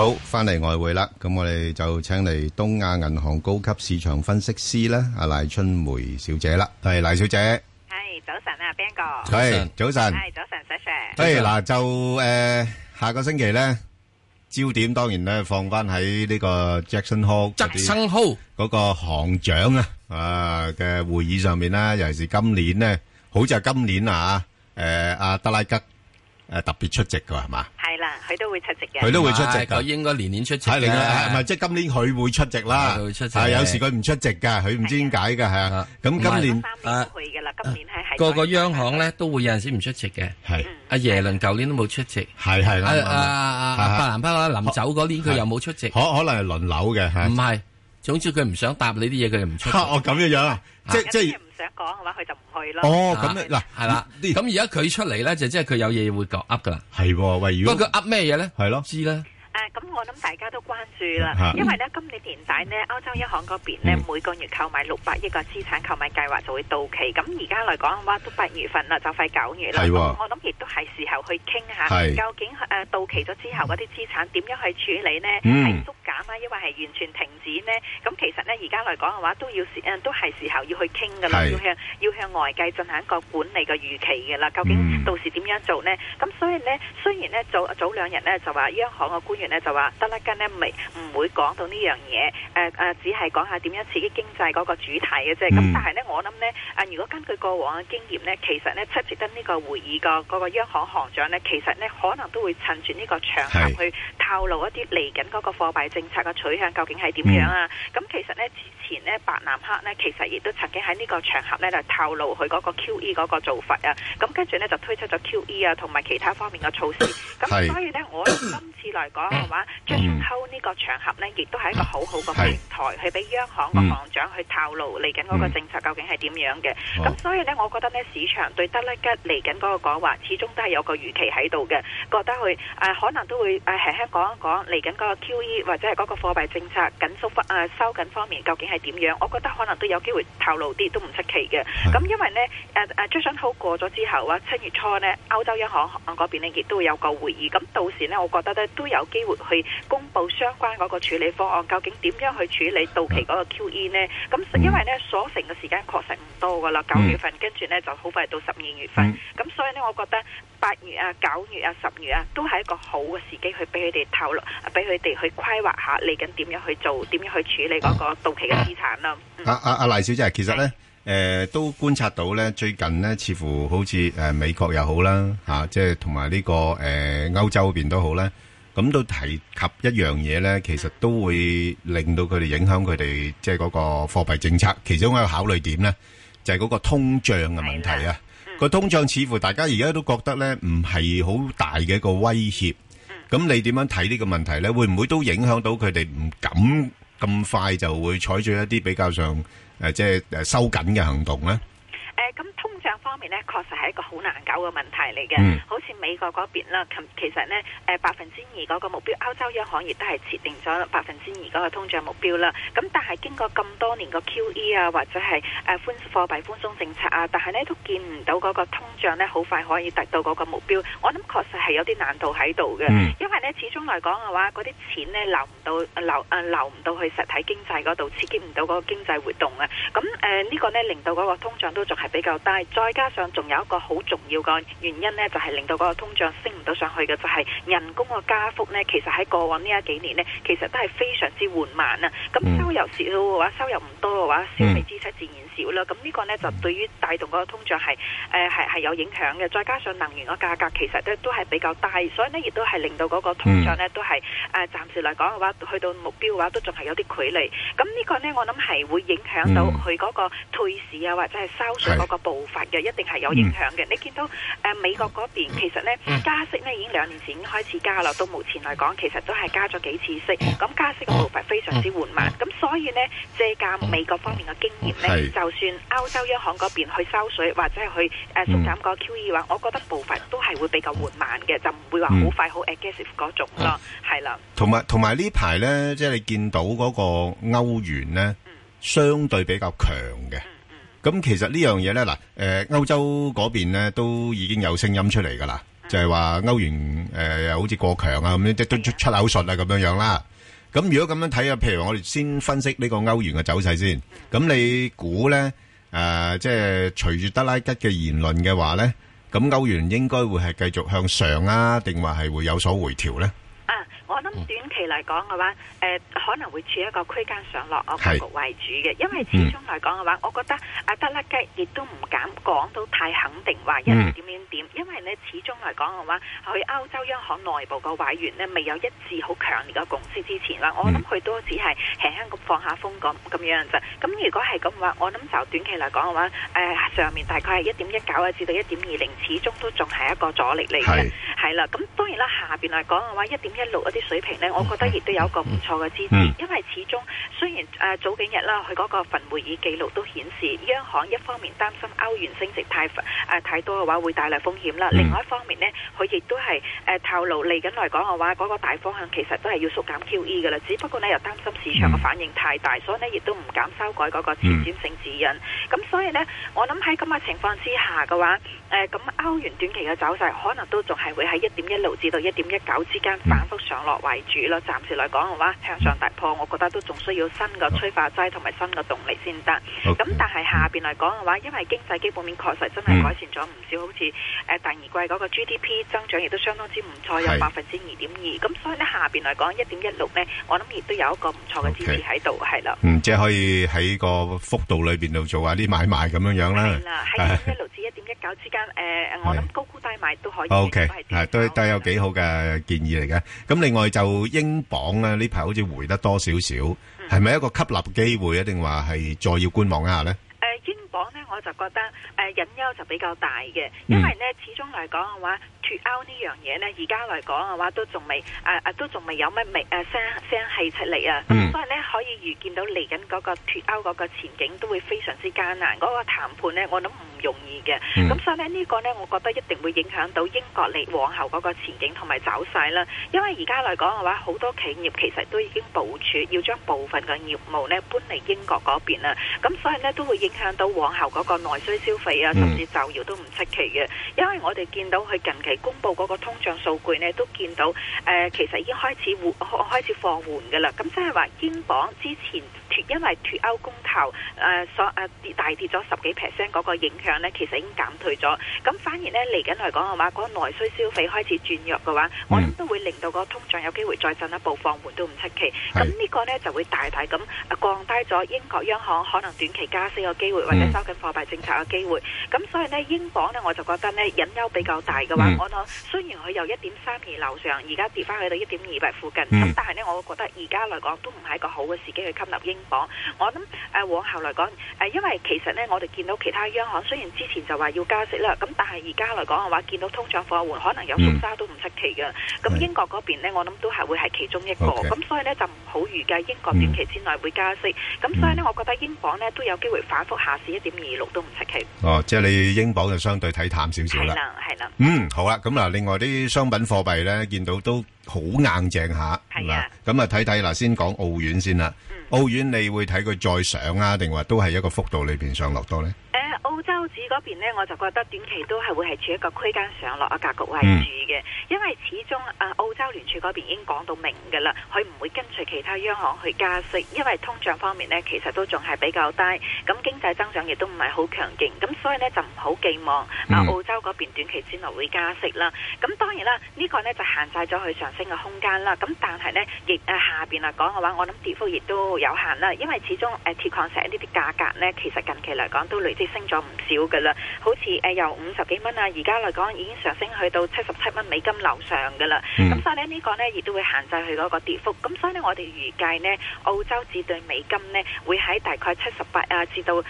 好，翻嚟外匯啦，咁我哋就請嚟東亞銀行高級市場分析師啦，阿賴春梅小姐啦，係賴小姐。係早晨啊，Ben 哥。早晨，早晨，係早晨，早晨，係嗱，就誒，下個星期咧，焦點當然咧，放翻喺呢個 Jackson Hole，Jackson Hole 嗰個行長啊，啊嘅會議上面啦，尤其是今年咧，好似係今年啊，誒阿德拉吉。誒，特別出席噶係嘛？係啦，佢都會出席嘅。佢都會出席，佢應該年年出席嘅。係，唔係即係今年佢會出席啦。佢會出席，係有時佢唔出席噶，佢唔知點解噶，係啊。咁今年啊，去噶啦。今年係，係個個央行咧都會有陣時唔出席嘅。係，阿耶倫舊年都冇出席。係係啦。阿阿伯南克臨走嗰年佢又冇出席。可可能係輪流嘅。唔係，總之佢唔想答你啲嘢，佢就唔出席。哦，咁嘅樣，即即。想講嘅話，佢就唔去咯。哦，咁嗱，係啦。咁而家佢出嚟咧，就即係佢有嘢會講噏噶啦。係喂，如果佢噏咩嘢咧？係咯，知啦。誒、啊，咁我諗大家都關注啦，因為呢今年年底呢，歐洲央行嗰邊呢每個月購買六百億個資產購買計劃就會到期，咁而家嚟講嘅話都八月份啦，就快九月啦，哦、我諗亦都係時候去傾下，究竟誒、呃、到期咗之後嗰啲資產點樣去處理呢？係縮減啊，亦或係完全停止呢？咁、嗯、其實呢，而家嚟講嘅話，都要誒都係時候要去傾噶啦，要向要向外界進行一個管理嘅預期嘅啦，究竟到時點樣做呢？咁、嗯、所以呢，雖然呢，早早兩日呢，就話央行嘅官。嗯、就話德拉根呢，未唔會講到呢樣嘢。誒、呃、誒、呃，只係講下點樣刺激經濟嗰個主題嘅啫。咁、嗯、但係呢，我諗呢，啊，如果根據過往嘅經驗呢，其實呢，出席得呢個會議個嗰個央行行長呢，其實呢，可能都會趁住呢個場合去透露一啲嚟緊嗰個貨幣政策嘅取向究竟係點樣啊？咁、嗯嗯、其實呢，之前呢，白南克呢，其實亦都曾經喺呢個場合呢，就透露佢嗰個 QE 嗰個做法啊。咁跟住呢，就推出咗 QE 啊，同埋其他方面嘅措施。呃咁所以咧，我今次嚟講嘅話，Jackson Hole 呢個場合呢，亦都係一個好好嘅平台，去俾央行個行長去透露嚟緊嗰個政策究竟係點樣嘅。咁、哦、所以呢，我覺得呢，市場對德拉吉嚟緊嗰個講話，始終都係有個預期喺度嘅，覺得佢、呃、可能都會誒輕輕講一講嚟緊嗰個 QE 或者係嗰個貨幣政策緊縮、呃、收緊方面究竟係點樣？我覺得可能都有機會透露啲，都唔出奇嘅。咁因為呢誒誒、呃啊、Jackson Hole 過咗之後，啊，七月初呢，歐洲央行嗰邊呢，亦都會有個咁到時呢，我覺得呢都有機會去公布相關嗰個處理方案，究竟點樣去處理到期嗰個 QE 呢？咁、嗯、因為呢，所剩嘅時間確實唔多噶啦，九月份、嗯、跟住呢，就好快到十二月份，咁、嗯、所以呢，我覺得八月啊、九月啊、十月啊，都係一個好嘅時機去俾佢哋透露，俾佢哋去規劃下嚟緊點樣去做，點樣去處理嗰個到期嘅資產啦。阿阿阿賴小姐，其實呢。誒、呃，都觀察到咧，最近呢，似乎好似誒、呃、美國又好啦，吓、啊，即係同埋呢個誒、呃、歐洲嗰邊都好啦。咁、嗯、都提及一樣嘢咧，其實都會令到佢哋影響佢哋，即係嗰個貨幣政策。其中一個考慮點咧，就係、是、嗰個通脹嘅問題啊。個通脹似乎大家而家都覺得咧，唔係好大嘅一個威脅。咁你點樣睇呢個問題咧？會唔會都影響到佢哋唔敢咁快就會採取一啲比較上？誒，即係誒，收緊嘅行動咧。咁通脹方面呢，確實係一個好難搞嘅問題嚟嘅。Mm. 好似美國嗰邊啦，其實呢誒百分之二嗰個目標，歐洲央行亦都係設定咗百分之二嗰個通脹目標啦。咁但係經過咁多年個 QE 啊，或者係誒寬貨幣寬鬆政策啊，但係呢都見唔到嗰個通脹呢好快可以達到嗰個目標。我諗確實係有啲難度喺度嘅，mm. 因為呢始終嚟講嘅話，嗰啲錢呢流唔到流流唔到去實體經濟嗰度，刺激唔到嗰個經濟活動啊。咁誒呢個呢，令到嗰個通脹都仲係比比較大，再加上仲有一個好重要嘅原因呢，就係令到嗰個通脹升唔到上去嘅，就係人工嘅加幅呢。其實喺過往呢一幾年呢，其實都係非常之緩慢啊。咁收入少嘅話，收入唔多嘅話，消費支出自然。咁呢個呢，就對於帶動嗰個通脹係誒係係有影響嘅，再加上能源個價格其實都都係比較低，所以呢，亦都係令到嗰個通脹呢、嗯、都係誒、呃、暫時嚟講嘅話，去到目標嘅話都仲係有啲距離。咁呢個呢，我諗係會影響到佢嗰個退市啊或者係收水嗰個步伐嘅，一定係有影響嘅。你見到誒、呃、美國嗰邊其實呢加息呢已經兩年前已經開始加啦，到目前嚟講其實都係加咗幾次息，咁加息嘅步伐非常之緩慢，咁所以呢，借鑒美國方面嘅經驗呢。就。就算歐洲央行嗰邊去收水或者係去誒縮減個 QE 嘅話、嗯，我覺得步伐都係會比較緩慢嘅、嗯，就唔會話好快好、嗯、aggressive 嗰種咯，係、嗯、啦。同埋同埋呢排咧，即、就、係、是、你見到嗰個歐元咧、嗯，相對比較強嘅。咁、嗯嗯、其實呢樣嘢咧，嗱、呃、誒，歐洲嗰邊咧都已經有聲音出嚟㗎啦，就係、是、話歐元誒、呃、好似過強啊咁樣，即、嗯、係都出出口術啦、啊、咁樣樣啦。嗯嗯咁如果咁樣睇啊，譬如我哋先分析呢個歐元嘅走勢先。咁你估呢？誒，即係隨住德拉吉嘅言論嘅話呢，咁歐元應該會係繼續向上啊，定話係會有所回調呢？我諗短期嚟講嘅話，誒、嗯呃、可能會處一個區間上落，格局為主嘅。因為始終嚟講嘅話、嗯，我覺得阿、啊、德拉吉亦都唔敢講到太肯定話一點點點、嗯。因為呢始終嚟講嘅話，佢歐洲央行內部嘅委員呢，未有一致好強烈嘅共識之前啦，我諗佢都只係輕輕咁放下風咁咁樣就。咁、嗯、如果係咁話，我諗就短期嚟講嘅話，誒、呃、上面大概係一點一九啊至到一點二零，始終都仲係一個阻力嚟嘅。係啦，咁、嗯、當然啦，下邊嚟講嘅話，一點一六水平呢，我覺得亦都有一個唔錯嘅支持，因為始終雖然誒早、呃、幾日啦，佢嗰個份會議記錄都顯示，央行一方面擔心歐元升值太誒、呃、太多嘅話會帶來風險啦、嗯，另外一方面呢，佢亦都係誒、呃、透露嚟緊嚟講嘅話，嗰、那個大方向其實都係要縮減 QE 嘅啦，只不過呢，又擔心市場嘅反應太大，嗯、所以呢，亦都唔敢修改嗰個前瞻性指引。咁、嗯、所以呢，我諗喺咁嘅情況之下嘅話，誒、呃、咁歐元短期嘅走勢可能都仲係會喺一點一六至到一點一九之間反覆上落為主咯，暫時來講嘅話，向上突破，我覺得都仲需要新嘅催化劑同埋新嘅動力先得。咁但係下邊嚟講嘅話，因為經濟基本面確實真係改善咗唔少，好似誒第二季嗰個 GDP 增長亦都相當之唔錯，有百分之二點二。咁所以呢，下邊嚟講一點一六呢，我諗亦都有一個唔錯嘅支持喺度，係啦。嗯，即係可以喺個幅度裏邊度做下啲買賣咁樣樣啦。啦，喺一點一六至一點一九之間，誒，我諗高估低買都可以。O K，係都都有幾好嘅建議嚟嘅。咁你？另外就英鎊咧，呢排好似回得多少少，係、嗯、咪一個吸納機會啊？定話係再要觀望一下咧？誒、呃，英鎊咧我就覺得誒，隱、呃、憂就比較大嘅，嗯，因為咧始終嚟講嘅話。脫歐呢樣嘢呢，而家嚟講嘅話都仲未，都仲未有乜未誒聲聲氣出嚟啊。啊啊 mm. 所以呢，可以預見到嚟緊嗰個脫歐嗰個前景都會非常之艱難。嗰、嗰個談判呢，我諗唔容易嘅。咁、mm. 所以呢，呢、呢個呢，我覺得一定會影響到英國嚟往後嗰個前景同埋走勢啦。因為而家嚟講嘅話，好多企業其實都已經部署要將部分嘅業務呢搬嚟英國嗰邊啦。咁所以呢，都會影響到往後嗰個內需消費啊，甚至就業都唔出奇嘅。Mm. 因為我哋見到佢近期公布嗰個通脹數據呢，都見到誒、呃、其實已經開始緩開始放緩嘅啦。咁即係話英鎊之前脫因為脫歐公投誒、呃、所誒跌、呃、大跌咗十幾 percent 嗰個影響呢，其實已經減退咗。咁反而呢嚟緊嚟講嘅話，嗰個內需消費開始轉弱嘅話，我、嗯、諗都會令到個通脹有機會再進一步放緩都唔出奇。咁呢個呢就會大大咁降低咗英國央行可能短期加息嘅機會或者收緊貨幣政策嘅機會。咁、嗯、所以呢，英鎊呢我就覺得呢隱憂比較大嘅話。我、嗯雖然佢由一點三二樓上，而家跌翻去到一點二八附近，咁、嗯、但係呢，我覺得而家來講都唔係一個好嘅時機去吸納英鎊。我諗、呃、往後來講、呃、因為其實呢，我哋見到其他央行雖然之前就話要加息啦，咁但係而家來講嘅話，見到通脹放緩，可能有縮沙都唔出奇嘅。咁、嗯、英國嗰邊呢，我諗都係會係其中一個。咁、okay, 所以呢，就唔好預計英國短期之內會加息。咁、嗯、所以呢，我覺得英鎊咧都有機會反覆下市，一點二六都唔出奇。哦，即係你英鎊就相對睇淡少少啦。係啦，係啦。嗯，咁嗱，另外啲商品貨幣咧，見到都好硬淨下，係啊。咁啊，睇睇嗱，先講澳元先啦。澳元，你會睇佢再上啊，定話都係一個幅度裏邊上落多咧？澳洲指嗰邊呢，我就覺得短期都係會係處一個區間上落嘅格局為主嘅，因為始終啊澳洲聯儲嗰邊已經講到明噶啦，佢唔會跟隨其他央行去加息，因為通脹方面呢，其實都仲係比較低，咁經濟增長亦都唔係好強勁，咁所以呢，就唔好寄望啊、嗯、澳洲嗰邊短期之內會加息啦。咁當然啦，呢、呢個呢就限制咗佢上升嘅空間啦。咁但係呢，亦、啊、下邊嚟、啊、講嘅話，我諗跌幅亦都有限啦，因為始終誒、啊、鐵礦石呢啲價格呢，其實近期嚟講都累積升升咗唔少噶啦，好似誒由五十幾蚊啊，而家嚟講已經上升去到七十七蚊美金樓上噶啦。咁所以呢呢個呢亦都會限制佢嗰個跌幅。咁所以呢，我哋預計呢，澳洲至對美金呢，會喺大概七十八啊至到誒誒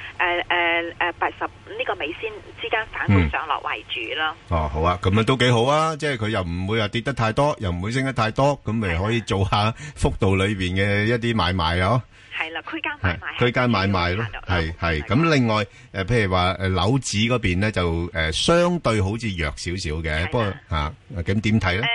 誒八十呢個美仙之間反覆上落為主咯。哦，好啊，咁啊都幾好啊，即係佢又唔會又跌得太多，又唔會升得太多，咁咪可以做一下幅度裏邊嘅一啲買賣咯、啊。係啦，區間買賣，區間買賣咯，係係。咁另外，誒譬如話誒樓指嗰邊咧，就誒、呃、相對好似弱少少嘅，不過吓咁點睇咧？啊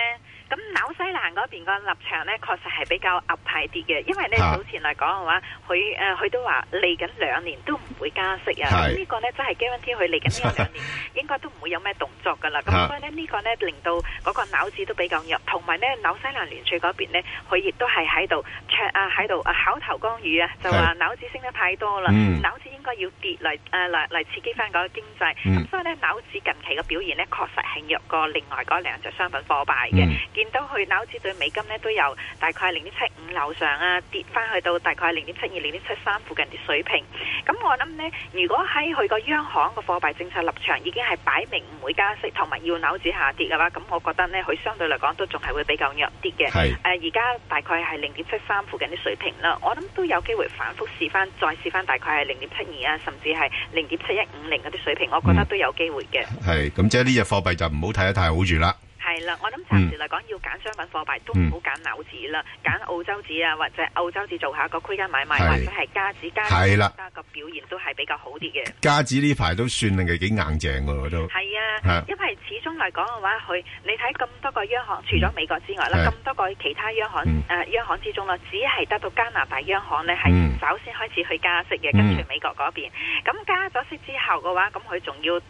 咁紐西蘭嗰邊個立場咧，確實係比較鴿派啲嘅，因為咧早、啊、前嚟講嘅話，佢誒佢都話嚟緊兩年都唔會加息啊。個呢個咧、就、真、是、係 guarantee 佢嚟緊呢一兩年應該都唔會有咩動作㗎喇。咁所以呢，這個、呢個咧令到嗰個紐紙都比較弱，同埋咧紐西蘭聯儲嗰邊咧，佢亦都係喺度唱啊喺度啊口頭干預啊，就話紐紙升得太多啦、嗯，紐紙應該要跌嚟誒嚟嚟刺激返嗰個經濟。咁、嗯、所以咧紐紙近期嘅表現咧確實係弱過另外嗰兩隻商品貨幣嘅。嗯。見到佢紐紙對美金呢，都有大概零點七五樓上啊，跌翻去到大概零點七二、零點七三附近啲水平。咁我諗呢，如果喺佢個央行個貨幣政策立場已經係擺明唔會加息，同埋要紐紙下跌嘅話，咁我覺得呢，佢相對嚟講都仲係會比較弱啲嘅。而家、啊、大概係零點七三附近啲水平啦，我諗都有機會反復試翻，再試翻大概係零點七二啊，甚至係零點七一五零嗰啲水平，我覺得都有機會嘅。係、嗯、咁，即係呢隻貨幣就唔好睇得太好住啦。係啦，我諗暫時嚟講、嗯、要揀商品貨幣都唔好揀紐紙啦，揀、嗯、澳洲紙啊，或者澳洲紙做下一個區間買賣，或者係加紙，加紙呢個表現都係比較好啲嘅。加紙呢排都算令佢幾硬正嘅都。係啊，啊，因為始終嚟講嘅話，佢你睇，咁多個央行，嗯、除咗美國之外啦，咁、啊、多個其他央行誒、嗯呃、央行之中啦，只係得到加拿大央行咧係、嗯、首先開始去加息嘅、嗯，跟住美國嗰邊。咁加咗息之後嘅話，咁佢仲要。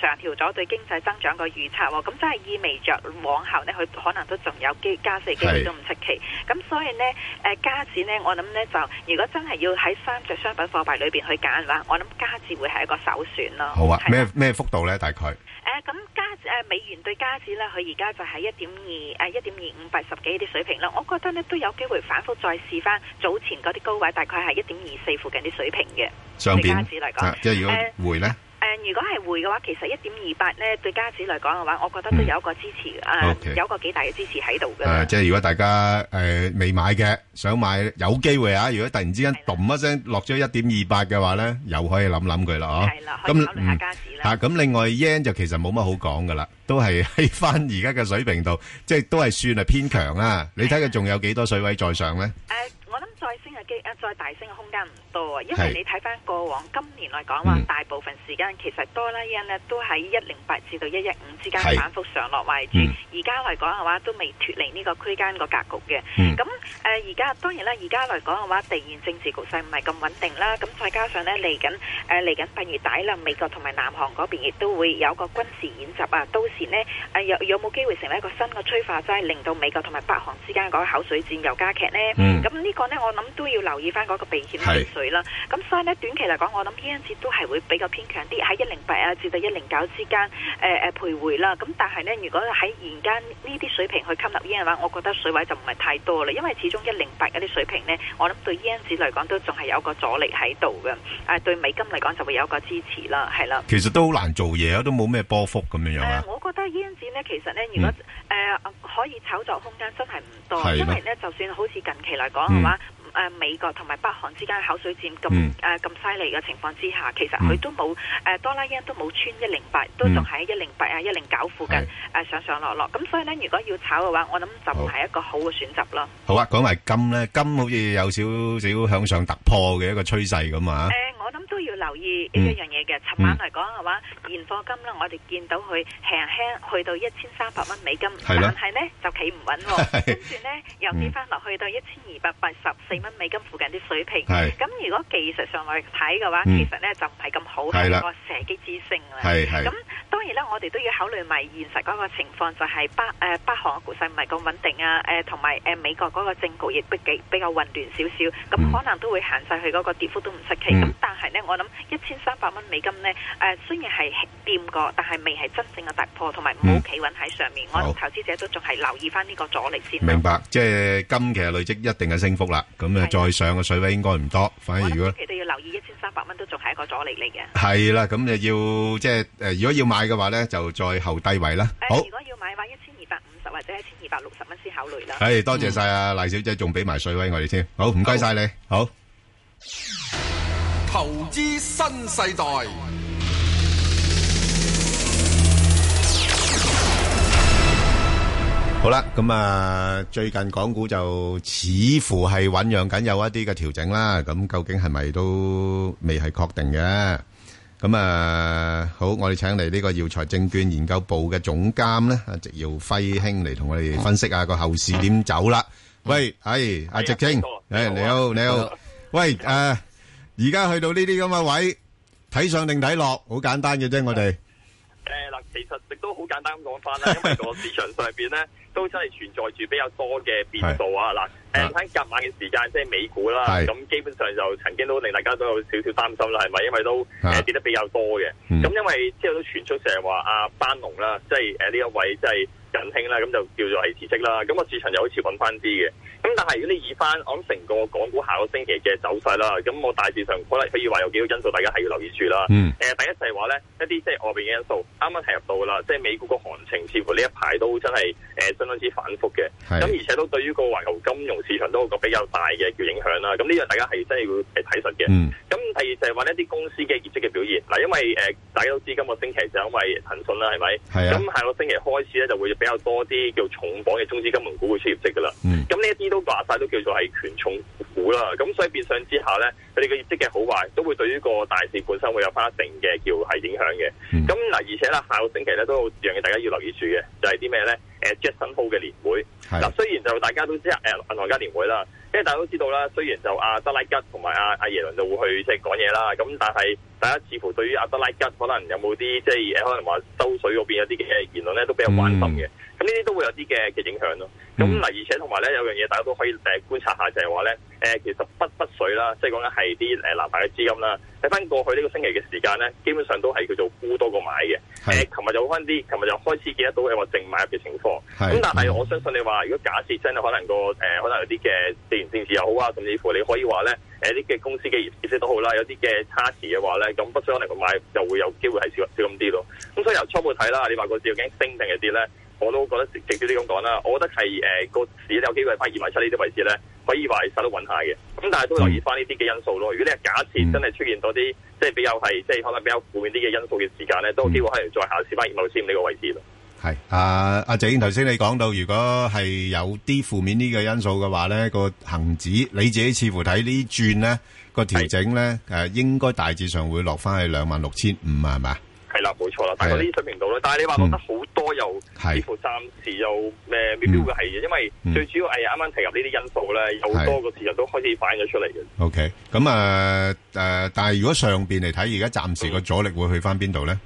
上調咗對經濟增長個預測，咁真係意味着往後呢，佢可能都仲有機加息機會都唔出奇。咁所以呢，誒，加紙呢，我諗呢就，如果真係要喺三隻商品貨幣裏邊去揀嘅話，我諗加紙會係一個首選咯。好啊，咩咩幅度呢？大概誒，咁、呃、加誒、呃、美元對加紙呢，佢而家就喺一點二誒一點二五八十幾啲水平啦。我覺得呢都有機會反覆再試翻早前嗰啲高位，大概係一點二四附近啲水平嘅。上面加紙嚟講，即係如果回呢、呃誒，如果係會嘅話，其實一點二八咧，對加紙嚟講嘅話，我覺得都有個支持，誒，有個幾大嘅支持喺度嘅。誒，即係如果大家誒未買嘅，想買有機會啊！如果突然之間，咚一聲落咗一點二八嘅話咧，又可以諗諗佢啦哦。係啦，可以考慮下加紙啦。啊，咁另外 yen 就其實冇乜好講噶啦，都係喺翻而家嘅水平度，即係都係算係偏強啦！你睇佢仲有幾多水位再上咧？再大升嘅空間唔多啊，因為你睇翻過往今年來講話、嗯，大部分時間其實多拉 yen 呢都喺一零八至到一一五之間反覆上落為主。而家嚟講嘅話，都未脫離呢個區間個格局嘅。咁、嗯、誒，而家、呃、當然啦，而家嚟講嘅話，地緣政治局勢唔係咁穩定啦。咁再加上呢，嚟緊誒嚟緊八月底啦，美國同埋南韓嗰邊亦都會有個軍事演習啊，到時呢，誒、呃、有有冇機會成為一個新嘅催化劑，令到美國同埋北韓之間嘅嗰口水戰又加劇呢？咁、嗯、呢個呢，我諗都。都要留意翻嗰個避險水啦，咁、啊、所以呢，短期嚟講，我諗 E N 值都係會比較偏強啲，喺一零八啊至到一零九之間誒誒徘徊啦。咁、啊、但係呢，如果喺現間呢啲水平去吸納 E N 嘅話，我覺得水位就唔係太多啦。因為始終一零八嗰啲水平呢，我諗對 E N 值嚟講都仲係有個阻力喺度嘅。誒、啊，對美金嚟講就會有一個支持啦，係啦。其實都好難做嘢啊，都冇咩波幅咁樣樣、呃、我覺得 E N 值咧，其實呢，如果誒、嗯呃、可以炒作空間真係唔多的，因為呢，就算好似近期嚟講係嘛。嗯誒、呃、美國同埋北韓之間嘅口水戰咁誒咁犀利嘅情況之下，其實佢都冇誒、呃、多拉一、嗯，都冇穿一零八，都仲喺一零八啊一零九附近誒、呃、上上落落。咁所以呢，如果要炒嘅話，我諗就唔係一個好嘅選擇咯。好啊，講埋金咧，金好似有少少向上突破嘅一個趨勢咁啊、呃。我諗都要留意一樣嘢嘅，尋晚嚟講嘅話，嗯、現貨金呢，我哋見到佢輕輕去到一千三百蚊美金，但係呢就企唔穩喎，跟住呢，又跌翻落去到一千二百八十四蚊美金附近啲水平，咁如果技術上嚟睇嘅話，嗯，其實呢就唔係咁好喺個射擊之星啦，咁當然啦，我哋都要考慮埋現實嗰個情況，就係、是、北誒、呃、北韓嘅局勢唔係咁穩定啊，誒同埋誒美國嗰個政局亦都幾比較混亂少少，咁、嗯、可能都會行晒去嗰個跌幅都唔出奇，咁、嗯、但係呢，我諗一千三百蚊美金呢，誒，雖然係掂過，但係未係真正嘅突破，同埋唔好企穩喺上面，我諗投資者都仲係留意翻呢個阻力先。明白，即係今期嘅累積一定嘅升幅啦，咁啊再上嘅水位應該唔多，反而如果，我哋要留意一千三百蚊都仲係一個阻力嚟嘅。係啦，咁你要即係誒，如果要買嘅話呢，就再後低位啦。好，如果要買嘅話，一千二百五十或者一千二百六十蚊先考慮啦。係，多謝晒阿賴小姐，仲俾埋水位我哋先。好，唔該晒你。好。投資新世代好啦，咁啊，最近港股就似乎係醞釀緊有一啲嘅調整啦。咁究竟係咪都未係確定嘅？咁啊，好，我哋請嚟呢個耀才證券研究部嘅總監咧，阿植耀輝兄嚟同我哋分析下個後市點走啦。喂，係阿植青，誒，你好，你好，喂，誒。而家去到呢啲咁嘅位，睇上定睇落，好簡單嘅啫，我哋。誒，嗱，其實亦都好簡單咁講翻啦， 因為個市場上邊咧都真係存在住比較多嘅變數啊，嗱、啊，誒喺隔晚嘅時間即係美股啦，咁基本上就曾經都令大家都有少少擔心啦，係咪？因為都誒跌得比較多嘅，咁、啊嗯、因為之後都傳出成話阿班農啦，即係誒呢一位即係。緊興啦，咁就叫做係辭職啦。咁個市場又好似揾翻啲嘅。咁但係如果你以翻我諗成個港股下個星期嘅走勢啦，咁我大致上可能可以話有幾多因素，大家係要留意住啦。誒、嗯呃，第一就係話咧一啲即係外邊嘅因素，啱啱提及到噶啦，即、就、係、是、美股個行情，似乎呢一排都真係誒、呃、相當之反覆嘅。咁而且都對於個環球金融市場都有個比較大嘅叫影響啦。咁呢樣大家係真係要誒睇實嘅。咁、嗯、第二就係話咧一啲公司嘅業績嘅表現嗱、呃，因為誒、呃、大家都知今個星期就因為騰訊啦，係咪？係咁、啊嗯、下個星期開始咧就會比較多啲叫重磅嘅中資金融股會出業績噶啦，嗯，咁呢一啲都話晒都叫做係權重啦，咁所以變相之下咧，佢哋嘅業績嘅好壞都會對於個大市本身會有翻一定嘅叫係影響嘅。咁、嗯、嗱，而且咧下個星期咧都一樣嘅，大家要留意住嘅就係啲咩咧？Jackson Hole 嘅年會，嗱，雖然就大家都知誒、呃、銀行家年會啦，因為大家都知道啦，雖然就阿德拉吉同埋阿阿耶倫就會去即係講嘢啦，咁但係大家似乎對於阿德拉吉可能有冇啲即係、呃、可能話收水嗰邊有啲嘅言論咧都比較關心嘅。嗯咁呢啲都會有啲嘅嘅影響咯。咁嗱，而且同埋咧，有樣嘢大家都可以誒、呃、觀察下，就係話咧其實北北水啦，即係講緊係啲誒南下嘅資金啦。睇翻過去呢個星期嘅時間咧，基本上都係叫做沽多過買嘅。誒，琴、呃、日就翻啲，琴日就開始見得到係話淨買入嘅情況。咁但係我相信你話，如果假設真係可能個、呃、可能有啲嘅地緣政治又好啊，甚至乎你可以話咧誒，啲、呃、嘅公司嘅業績都好啦，有啲嘅差池嘅話咧，咁北水可能個買就會有機會係少少咁啲咯。咁所以由初步睇啦，你話個市究竟升定係跌咧？我都覺得直直接啲咁講啦，我覺得係誒個市有機會翻二萬七呢啲位置咧，可以話係實都穩下嘅。咁但係都留意翻呢啲嘅因素咯。如果你係假設真係出現多啲、嗯、即係比較係即係可能比較負面啲嘅因素嘅時間咧，都有機會能再下試翻二萬六千五呢個位置咯。係啊，阿謝燕頭先你講到，如果係有啲負面呢個因素嘅話咧，那個恆指你自己似乎睇呢轉咧個調整咧誒，應該大致上會落翻係兩萬六千五啊，係咪？係啦，冇錯啦，大概呢啲水平度咧，但係你話覺得好多又幾乎暫時又誒未必嘅係，因為最主要係啱啱提及呢啲因素咧，好多個市場都開始反咗出嚟嘅。OK，咁、嗯、啊、呃呃、但係如果上邊嚟睇，而家暫時個阻力會去翻邊度咧？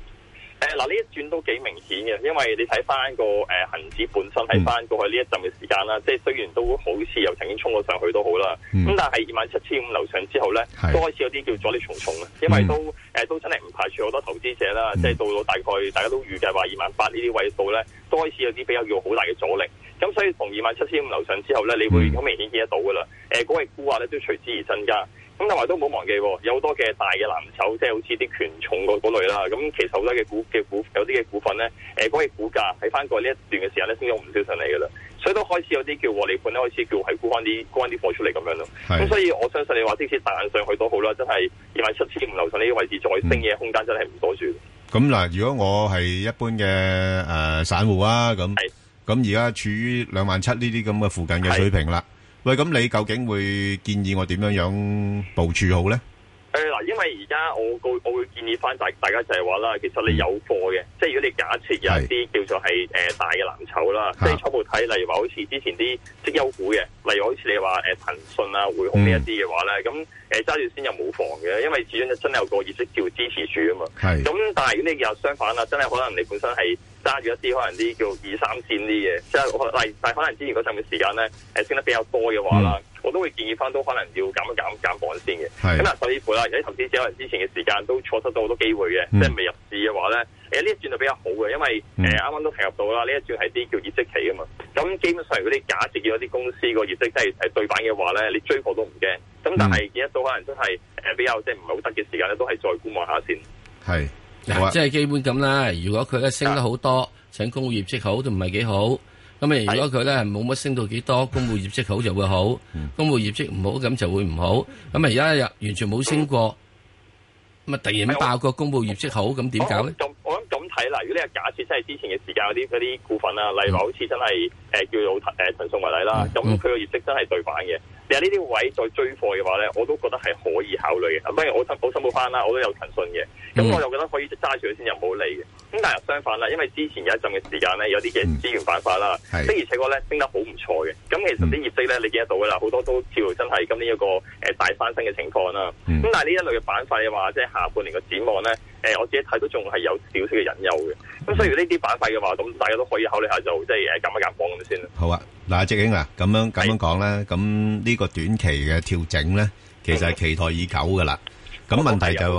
誒，嗱呢一轉都幾明顯嘅，因為你睇翻個誒、呃、恒指本身睇翻過去呢一陣嘅時間啦、嗯，即係雖然都好似又曾經衝過上去都好啦，咁、嗯、但係二萬七千五樓上之後咧，都開始有啲叫阻力重重，因為都誒、嗯呃、都真係唔排除好多投資者啦，嗯、即係到到大概大家都預計話二萬八呢啲位數咧，都開始有啲比較要好大嘅阻力，咁所以從二萬七千五樓上之後咧，你會好明顯見得到噶啦，誒、嗯、嗰、呃、位沽壓咧都隨之而增加。咁同埋都唔好忘記，有好多嘅大嘅藍籌，即係好似啲權重嗰類啦。咁其實好多嘅股嘅股，有啲嘅股份咧，誒嗰啲股價喺翻過呢一段嘅時間咧，升咗唔少上嚟噶啦。所以都開始有啲叫獲利盤咧，開始叫係沽翻啲沽翻啲貨出嚟咁樣咯。咁所以我相信你話，即使彈上去都好啦，真係二萬七千五樓上呢啲位置再升嘅空間真係唔多數。咁、嗯、嗱，如果我係一般嘅誒、呃、散戶啊，咁咁而家處於兩萬七呢啲咁嘅附近嘅水平啦。喂，咁你究竟會建議我點樣樣部署好咧？誒，嗱，因為而家我告我會建議翻大大家就係話啦，其實你有貨嘅、嗯，即係如果你假設有一啲叫做係誒、呃、大嘅藍籌啦，即係初步睇，例如話好似之前啲績優股嘅，例如好似你、呃啊、話誒騰訊啦、匯控呢一啲嘅話咧，咁誒揸住先又冇妨嘅，因為始終真係有個業績叫支持住啊嘛。係咁，但係呢又相反啦，真係可能你本身係。揸住一啲可能啲叫二三線啲嘢，即係例但可能之前嗰陣嘅時間咧，誒升得比較多嘅話啦、嗯，我都會建議翻都可能要減一減減磅先嘅。咁啊，所以講啦，有啲投資者可能之前嘅時間都錯失咗好多機會嘅、嗯，即係未入市嘅話咧，誒、呃、呢一轉就比較好嘅，因為誒啱啱都提及到啦，呢一轉係啲叫業績期啊嘛。咁基本上嗰啲假設咗啲公司個業績真係誒對版嘅話咧，你追貨都唔驚。咁但係見到可能都係誒比較即係唔係好得嘅時間咧，都係再觀望下先。係。嗱，即係基本咁啦。如果佢咧升得好多，請公布業績好都唔係幾好。咁啊，如果佢咧冇乜升到幾多，公布業績好就會好，公布業績唔好咁就會唔好。咁啊，而家又完全冇升過，咁啊突然間爆個公布業績好，咁點搞咧？我諗咁睇啦，如果你假設真係之前嘅時間嗰啲嗰啲股份啊，例如好似真係誒叫做誒騰訊為例啦，咁佢個業績真係對版嘅。其實呢啲位再追貨嘅話咧，我都覺得係可以考慮嘅。當然我我申報翻啦，我都有騰訊嘅，咁、嗯嗯、我又覺得可以揸住佢先，又冇理嘅。咁但係相反啦，因為之前有一陣嘅時間咧，有啲嘅資源板塊啦，的而且確咧升得好唔錯嘅。咁、嗯嗯、其實啲業績咧，你見得到噶啦，好多都似乎真係今年一個誒大翻身嘅情況啦。咁、嗯嗯、但係呢一類嘅板塊嘅話，即係下半年嘅展望咧。誒我自己睇都仲係有少少嘅隱憂嘅，咁所以呢啲板塊嘅話，咁大家都可以考慮下，就即係誒減一減磅咁先啦。好啊，嗱，植兄啊，咁樣咁樣講咧，咁呢個短期嘅調整咧，其實係期待已久嘅啦。咁問題就係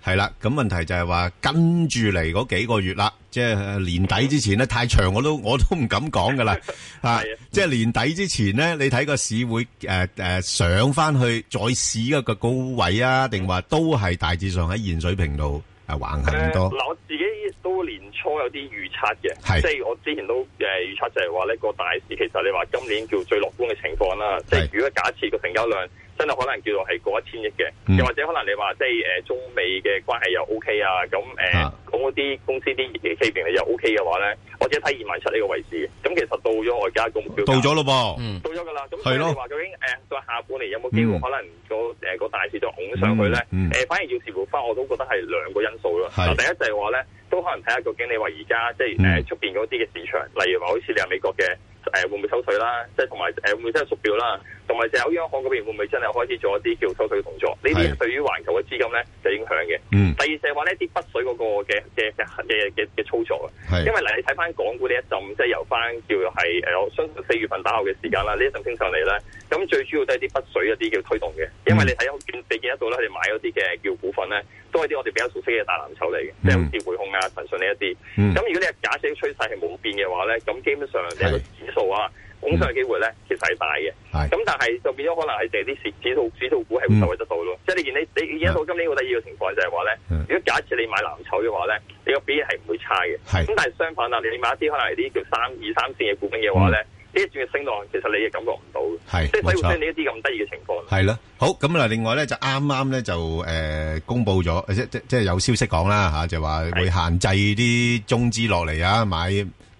話啦，咁問題就係話跟住嚟嗰幾個月啦，即係年底之前咧，太長我都我都唔敢講嘅啦。啊，即係年底之前咧，你睇個市會誒誒上翻去再試嘅個高位啊，定話都係大致上喺現水平度？嗱、呃，我自己都年初有啲預測嘅，即係、就係、我之前都預測，呃、就係話呢個大市其實你話今年叫最樂觀嘅情況啦，即係如果假設個成交量。真係可能叫做係過一千億嘅、嗯，又或者可能你話即係誒中美嘅關係又 OK 啊，咁誒講嗰啲公司啲企業又 OK 嘅話咧，我只睇二萬七呢個位置，咁其實到咗外家一個目標。到咗咯噃，到咗㗎啦。咁所以你話究竟誒到、呃、下半年有冇機會、嗯、可能、個誒、個大市就拱上去咧？誒、嗯嗯呃、反而要視乎翻，我都覺得係兩個因素咯、啊。第一就係話咧，都可能睇下究竟你話而家即係誒出邊嗰啲嘅市場，嗯、例如話好似你係美國嘅誒、呃、會唔會抽水啦，即係同埋誒會唔會真係縮表啦。同埋就有央行嗰邊會唔會真係開始做一啲叫抽水動作？呢啲對於環球嘅資金咧就影響嘅、嗯。第二就係話呢啲北水嗰個嘅嘅嘅嘅嘅操作嘅，因為嗱你睇翻港股呢一陣即係由翻叫係誒，相、呃、四月份打後嘅時間啦，呢、嗯、一陣升上嚟咧，咁最主要都係啲北水一啲叫推動嘅、嗯，因為你睇好見你，你見得到啦，佢哋買嗰啲嘅叫股份咧，都係啲我哋比較熟悉嘅大藍籌嚟嘅、嗯，即係好似匯控啊、騰訊呢一啲。咁、嗯嗯、如果你假設趨勢係冇變嘅話咧，咁基本上你個指數啊。供上嘅機會咧，其實係大嘅。咁但係就變咗可能係淨係啲指數指數股係會受惠得到咯、嗯。即係你見你你見到今年好得意嘅情況就係話咧，如果假設你買藍籌嘅話咧，你個比例係唔會差嘅。咁但係相反啊，你買一啲可能係啲叫三二三線嘅股股嘅話咧，呢轉嘅升浪其實你係感覺唔到嘅。即係會唔會呢一啲咁得意嘅情況。係咯。好咁啊！另外咧就啱啱咧就誒、呃、公佈咗，即即即係有消息講啦嚇，就話會限制啲中資落嚟啊，買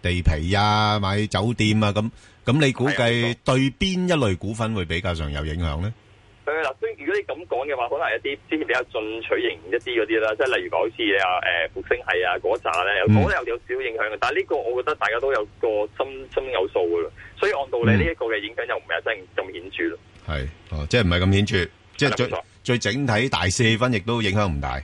地皮啊，買酒店啊咁。咁你估計對邊一類股份會比較上有影響咧？誒，嗱，所以如果你咁講嘅話，可能一啲之前比較進取型一啲嗰啲啦，即係例如講好似阿誒復星系啊嗰扎咧，咁咧有少少影響嘅、嗯。但係呢個我覺得大家都有個心心有數嘅，所以按道理呢一、嗯這個嘅影響又唔係真咁顯著咯。係，哦、啊，即係唔係咁顯著，即係最最整體大四分亦都影響唔大。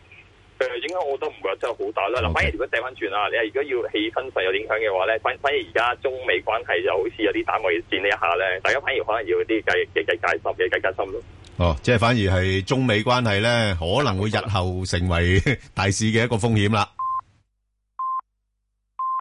誒影響我都唔會有真係好大啦。嗱、okay，反而如果掉翻轉啦，你係如果要氣氛上有影響嘅話咧，反反而而家中美關係又好似有啲打埋戰呢一下咧，大家反而可能要啲計計計戒心嘅計戒心咯。哦，即係反而係中美關係咧，可能會日後成為大市嘅一個風險啦。